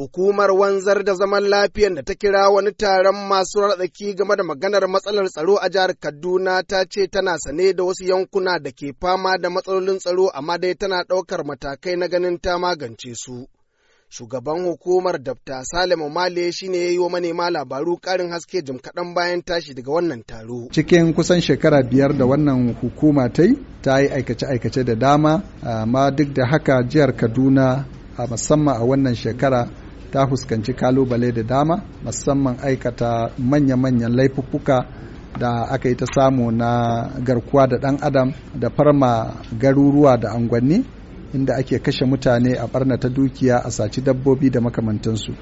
hukumar wanzar da zaman lafiyar da ta kira wani taron masu ratsaki game da maganar matsalar tsaro a jihar Kaduna ta ce tana sane da wasu yankuna da ke fama da matsalolin tsaro amma dai tana ɗaukar matakai na ganin ta magance su. Shugaban hukumar Dr. Salim Male shi ne ya yi wa manema labaru karin haske jim kaɗan bayan tashi daga wannan taro. Cikin kusan shekara biyar da wannan hukuma ta yi, ta yi aikace-aikace da dama, amma duk da haka jihar Kaduna a musamman a wannan shekara ta fuskanci kalubale da dama musamman aikata manya-manyan laifuffuka da aka yi ta samu na garkuwa da ɗan adam da farma garuruwa da angwanni inda ake kashe mutane a barna ta dukiya a saci dabbobi da makamantansu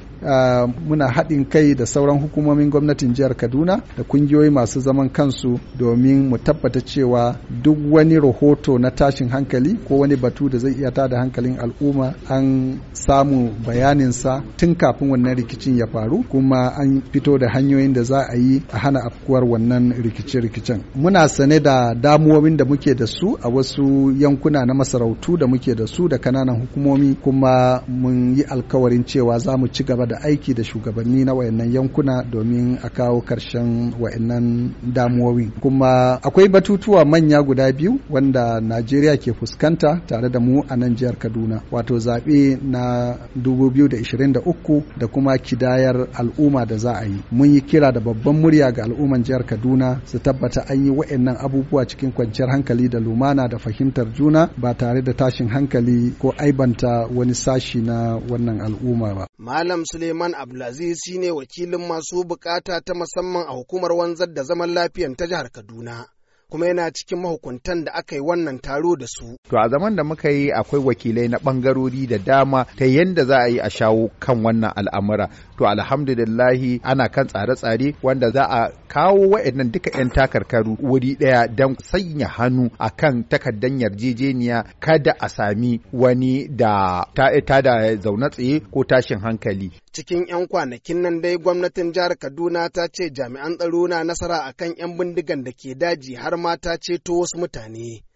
muna haɗin kai da sauran hukumomin gwamnatin jihar kaduna da kungiyoyi masu zaman kansu domin mu tabbata cewa duk wani rahoto na tashin hankali ko wani batu da zai iya tada hankalin al'umma an samu bayaninsa tun kafin wannan rikicin ya faru kuma an fito da hanyoyin da za a yi a hana afkuwar wannan rikice-rikicen muna sane da damuwomin da muke da su a wasu yankuna na masarautu da muke da su da kananan hukumomi kuma mun yi alkawarin cewa za mu ci gaba da aiki da shugabanni na wayannan yankuna domin a kawo karshen wayannan damuwowi kuma akwai batutuwa manya guda biyu wanda najeriya ke fuskanta tare da mu a nan jihar kaduna wato zaɓe na 2023 da kuma kidayar al'umma da za a yi mun yi kira da babban murya ga al'umman jihar kaduna su tabbata an yi wayannan abubuwa cikin kwanciyar hankali da lumana da fahimtar juna ba tare da tashin hankali hankali ko aibanta wani sashi na wannan al'umma ba. Malam Suleiman Abdulaziz ne wakilin masu bukata ta musamman a hukumar wanzar da zaman lafiyan ta jihar Kaduna. kuma yana cikin mahukuntan da aka yi wannan taro da su. To a zaman da muka yi akwai wakilai na bangarori da dama ta yadda za a yi a shawo kan wannan al'amura to alhamdulillahi ana kan tsare-tsare wanda za a kawo wa'annan duka 'yan takarkaru wuri ɗaya don sanya hannu a kan takardar yarjejeniya kada a sami wani da ta da zaune tsaye ko tashin hankali. Cikin 'yan kwanakin nan dai gwamnatin jihar Kaduna ta ce jami'an tsaro na nasara akan 'yan bindigan da ke daji har ma ta ceto wasu mutane.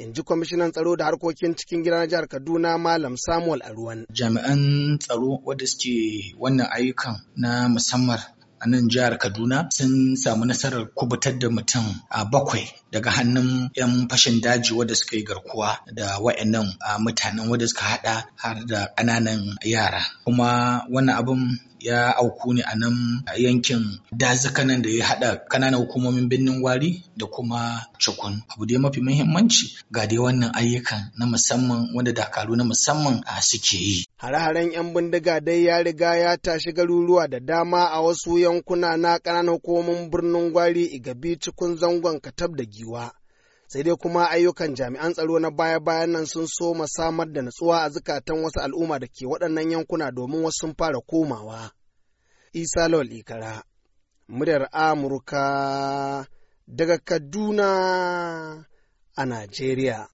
in ji kwamishinan tsaro da harkokin cikin gida na jihar kaduna malam samuel aruwan jami'an tsaro wadda suke wannan ayyukan na musamman a nan jihar Kaduna sun samu nasarar kubutar da mutum a bakwai daga hannun 'yan fashin daji wadda suka yi garkuwa da wayannan mutanen wadda suka hada har da ƙananan yara. Kuma wannan abin ya auku ni a nan yankin nan da ya haɗa kananan hukumomin birnin Wari da kuma cukun abu da ya mafi muhimmanci ga dai wannan ayyukan na musamman wanda dakaru na musamman a suke yi hare-haren 'yan bindiga dai ya riga ya tashi garuruwa da dama a wasu yankuna na kananan hukumomin birnin gwari igabi cikin zangon katab da giwa sai dai kuma ayyukan jami'an tsaro na baya-bayan nan sun soma samar da natsuwa a zukatan wasu al'umma da ke waɗannan yankuna domin wasu sun fara komawa. Isa Lawal Ikara, muryar Amurka daga Kaduna a Najeriya.